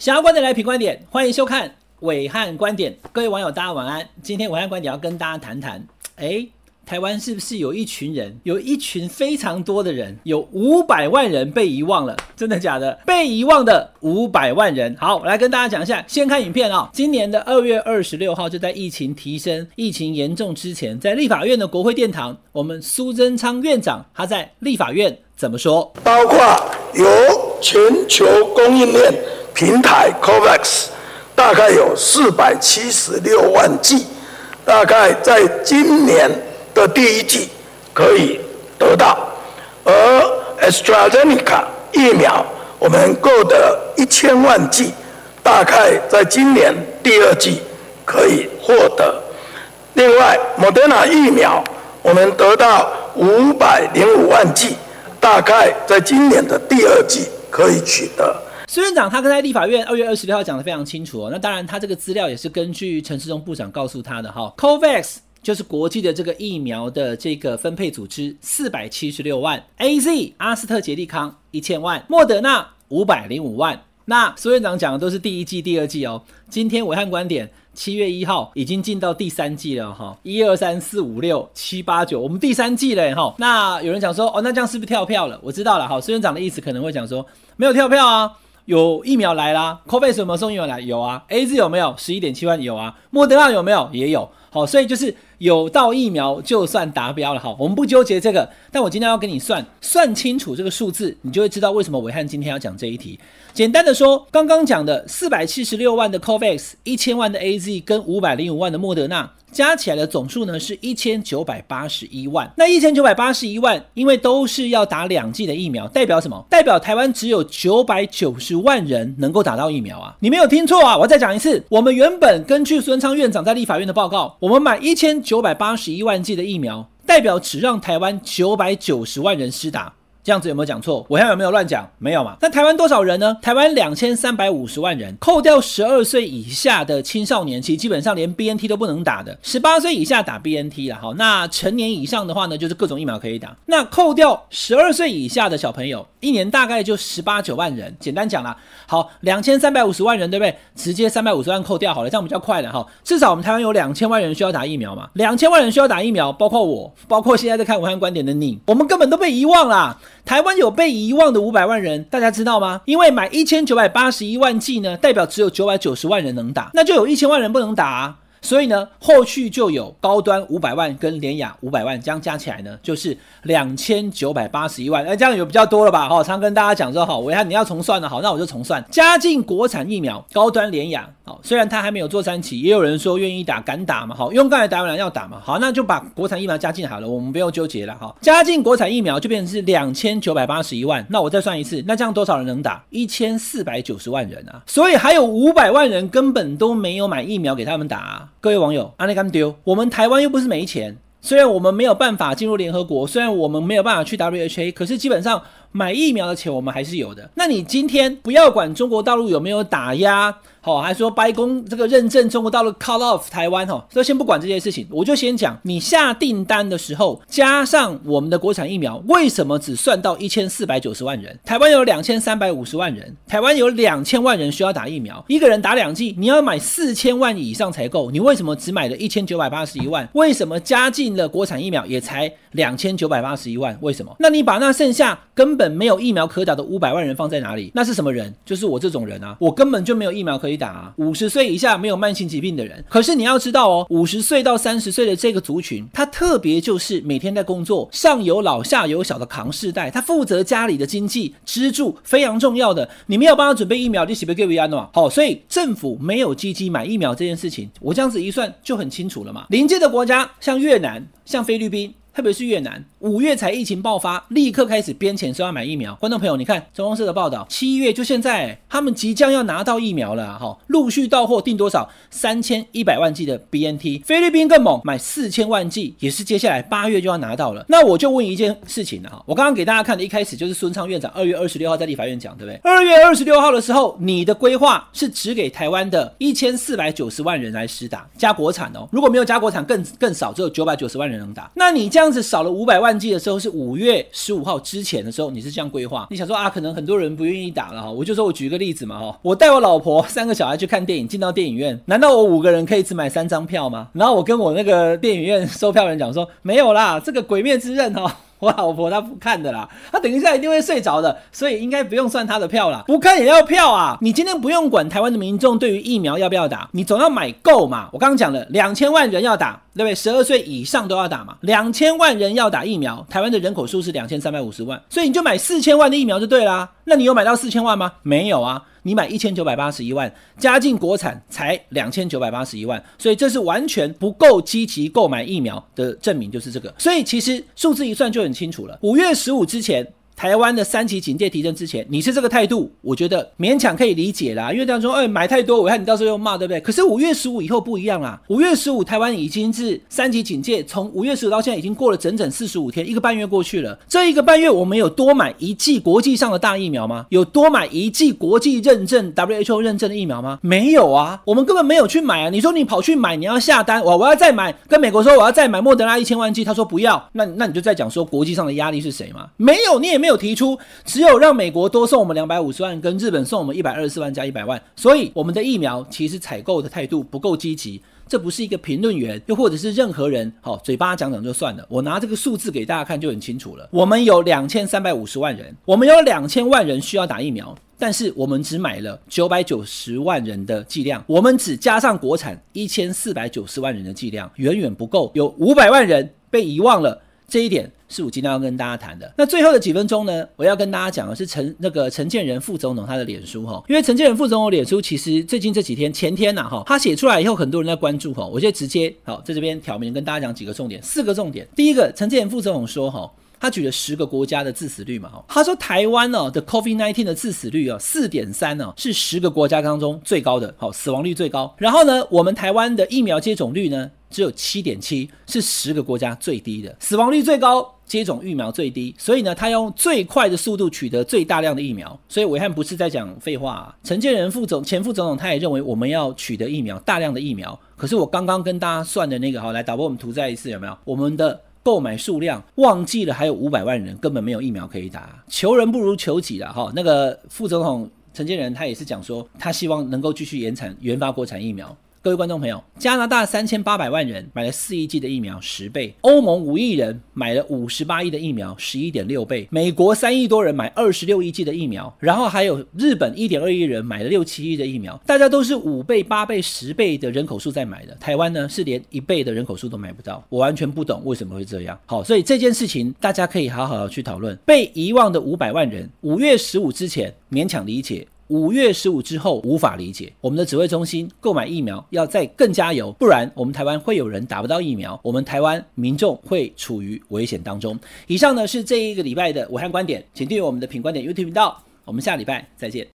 想要觀點來品觀點，歡迎收看暐瀚觀點。各位網友大家晚安。今天暐瀚觀點要跟大家談談，誒，台灣是不是有一群人，有一群非常多的人，有五百萬人被遺忘了？真的假的？被遺忘的五百萬人。好，我來跟大家講一下。先看影片啊、哦，今年的二月二十六號就在疫情提升、疫情嚴重之前，在立法院的國會殿堂，我們蘇貞昌院長他在立法院怎麼說？包括有全球供應鏈。平台 COVAX 大概有四百七十六萬劑，大概在今年的第一季可以得到；而 AstraZeneca 疫苗，我們購得一千萬劑，大概在今年第二季可以獲得。另外，Moderna 疫苗，我們得到五百零五萬劑，大概在今年的第二季可以取得。蘇院長他剛才立法院二月二十六號講得非常清楚哦，那當然他這個資料也是根據陳時中部長告訴他的哈、哦、，COVAX 就是國際的這個疫苗的這個分配組織，四百七十六萬 AZ 阿斯特捷利康一千萬，莫德納五百零五萬。那蘇院長講的都是第一季、第二季哦，今天暐瀚觀點七月一號已經進到第三季了哈、哦，一二三四五六七八九，我們第三季嘞哈、哦。那有人講說哦，那這樣是不是跳票了？我知道了哈，蘇院長的意思可能會講說沒有跳票啊。有疫苗來啦，Covax 有沒有送疫苗來？有啊，AZ 有沒有？十一點七萬有啊，莫德納有沒有？也有。好，所以就是有到疫苗就算達標了哈，我們不糾結這個。但我今天要跟你算算清楚這個數字，你就會知道為什麼暐瀚今天要講這一題。簡單的說，剛剛講的四百七十六萬的 Covax，一千萬的 AZ，跟五百零五萬的莫德納。加起來的總數呢是一千九百八十一萬，那一千九百八十一萬，因為都是要打兩劑的疫苗，代表什麼？代表台灣只有九百九十萬人能夠打到疫苗啊！你沒有聽錯啊！我再講一次，我們原本根據孫昌院長在立法院的報告，我們買一千九百八十一萬劑的疫苗，代表只讓台灣九百九十萬人施打。這樣子有沒有講錯？我還有沒有亂講？沒有嘛？那台灣多少人呢？台灣兩千三百五十萬人，扣掉十二歲以下的青少年，其實基本上連 B N T 都不能打的，十八歲以下打 B N T 了。好，那成年以上的話呢，就是各種疫苗可以打。那扣掉十二歲以下的小朋友，一年大概就十八九萬人。簡單講啦，好，兩千三百五十萬人，對不對？直接三百五十萬扣掉好了，這樣比較快了。哈。至少我們台灣有兩千萬人需要打疫苗嘛？兩千萬人需要打疫苗，包括我，包括現在在看暐瀚觀點的你，我們根本都被遺忘了。台灣有被遺忘的五百萬人，大家知道嗎？因為買一千九百八十一萬劑呢，代表只有九百九十萬人能打，那就有一千萬人不能打啊。所以呢，後續就有高端五百萬跟聯亞五百萬，這樣加起來呢，就是兩千九百八十一萬。那這樣有比較多了吧？哈、哦，常跟大家講說，好、哦，我，暐瀚你要重算的好，那我就重算。加進國產疫苗，高端聯亞，好、哦，雖然他還沒有做三期，也有人說願意打，敢打嘛，好、哦，用剛才打完要打嘛，好，那就把國產疫苗加進好了，我們不用糾結了，哈、哦。加進國產疫苗就變成是兩千九百八十一萬。那我再算一次，那這樣多少人能打？一千四百九十萬人啊。所以還有五百萬人根本都沒有買疫苗給他們打、啊。各位網友，阿內甘丟，我們台灣又不是沒錢，雖然我們沒有辦法進入聯合國，雖然我們沒有辦法去 W H A，可是基本上。買疫苗的錢我們還是有的。那你今天不要管中國大陸有沒有打壓，好、哦，還說白宮這個認證中國大陸 cut off 台灣，哈、哦，所以先不管這些事情，我就先講，你下訂單的時候加上我們的國產疫苗，為什麼只算到一千四百九十萬人？台灣有兩千三百五十萬人，台灣有兩千萬人需要打疫苗，一個人打兩劑，你要買四千萬以上才夠。你為什麼只買了一千九百八十一萬？為什麼加進了國產疫苗也才兩千九百八十一萬？為什麼？那你把那剩下跟。本沒有疫苗可打的五百萬人放在哪裡？那是什麼人？就是我這種人啊！我根本就沒有疫苗可以打啊！五十歲以下沒有慢性疾病的人，可是你要知道哦，五十歲到三十歲的這個族群，他特別就是每天在工作，上有老下有小的扛世代，他負責家裡的經濟支柱，非常重要的。你沒有幫他準備疫苗，你是不是給 give 好，所以政府沒有積極買疫苗這件事情，我這樣子一算就很清楚了嘛。鄰近的國家像越南、像菲律賓。特別是越南，五月才疫情爆發，立刻開始編錢說要買疫苗。觀眾朋友，你看中央社的報道，七月就現在，他們即將要拿到疫苗了哈，陸、哦、續到貨訂多少？三千一百萬劑的 BNT。菲律賓更猛，買四千萬劑，也是接下來八月就要拿到了。那我就問一件事情了哈，哦，我剛剛給大家看的，一開始就是孫昌院長二月二十六號在立法院講，對不對？二月二十六號的時候，你的規劃是只給台灣的一千四百九十萬人來施打，加國產哦。如果沒有加國產更，更更少，只有九百九十萬人能打。那你這這樣子少了五百萬劑的時候，是五月十五號之前的時候，你是這樣規劃？你想說啊，可能很多人不願意打了哈，我就說，我舉個例子嘛哈，我帶我老婆三個小孩去看電影，進到電影院，難道我五個人可以只買三張票嗎？然後我跟我那個電影院收票人講說，沒有啦，這個鬼滅之刃哈。哇，我老婆她不看的啦，她等一下一定會睡着的，所以應該不用算她的票啦，不看也要票啊！你今天不用管台灣的民眾對於疫苗要不要打，你總要買夠嘛。我剛剛講了，兩千萬人要打，對不對？十二歲以上都要打嘛，兩千萬人要打疫苗。台灣的人口數是兩千三百五十萬，所以你就買四千萬的疫苗就對啦，啊。那你有買到四千萬嗎？沒有啊。你買一千九百八十一萬，加進國產才兩千九百八十一萬，所以這是完全不夠積極購買疫苗的證明，就是這個。所以其實數字一算就很清楚了，五月十五之前。台灣的三級警戒提升之前，你是這個態度，我覺得勉強可以理解啦。因為這樣說，哎、欸，買太多，我看你到時候又罵，對不對？可是五月十五以後不一樣啦。五月十五台灣已經是三級警戒，從五月十五到現在已經過了整整四十五天，一個半月過去了。這一個半月，我們有多買一劑國際上的大疫苗嗎？有多買一劑國際認證 WHO 認證的疫苗嗎？沒有啊，我們根本沒有去買啊。你說你跑去買，你要下單，哇，我要再買，跟美國說我要再買莫德拉一千萬劑，他說不要。那那你就在講說國際上的壓力是誰嗎？沒有，你也沒有。沒有提出，只有讓美國多送我們兩百五十萬，跟日本送我們一百二十四萬加一百萬，所以我們的疫苗其實採購的態度不夠積極。這不是一個評論員，又或者是任何人，好、哦、嘴巴講講就算了。我拿這個數字給大家看就很清楚了。我們有兩千三百五十萬人，我們有兩千萬人需要打疫苗，但是我們只買了九百九十萬人的劑量，我們只加上國產一千四百九十萬人的劑量，遠遠不夠，有五百萬人被遺忘了這一點。是，我今天要跟大家談的。那最後的幾分鐘呢，我要跟大家講的是陳那個陳建仁副總統他的臉書哈，因為陳建仁副總統臉書其實最近這幾天前天吶、啊、哈，他寫出來以後，很多人在關注吼，我就直接吼在這邊挑明跟大家講幾個重點，四個重點。第一個，陳建仁副總統說吼。他舉了十個國家的致死率嘛？他說台灣呢，的 COVID-19 的致死率啊，四點三呢，是十個國家當中最高的，好，死亡率最高。然後呢，我們台灣的疫苗接種率呢，只有七點七，是十個國家最低的，死亡率最高，接種疫苗最低。所以呢，他用最快的速度取得最大量的疫苗。所以暐瀚不是在講廢話啊。陳建仁副總前副總統他也認為我們要取得疫苗，大量的疫苗。可是我剛剛跟大家算的那個，哈，來導播，我們圖再一次有沒有我們的。購買數量忘記了，還有五百萬人根本沒有疫苗可以打，求人不如求己了哈。那個副總統陳建仁他也是講說，他希望能夠繼續延產研發國產疫苗。各位觀眾朋友，加拿大三千八百萬人買了四億劑的疫苗，十倍；歐盟五億人買了五十八億的疫苗，十一點六倍；美國三億多人買二十六億劑的疫苗，然後還有日本一點二億人買了六七億的疫苗。大家都是五倍、八倍、十倍的人口數在買的。台灣呢，是連一倍的人口數都買不到。我完全不懂為什麼會這樣。好，所以這件事情大家可以好好的去討論。被遺忘的五百萬人，五月十五之前勉強理解。五月十五之後無法理解。我們的指揮中心購買疫苗要再更加油，不然我們台灣會有人打不到疫苗，我們台灣民眾會處於危險當中。以上呢，是這一個禮拜的暐瀚觀點，請訂閱我們的品觀點 YouTube 頻道，我們下禮拜再見。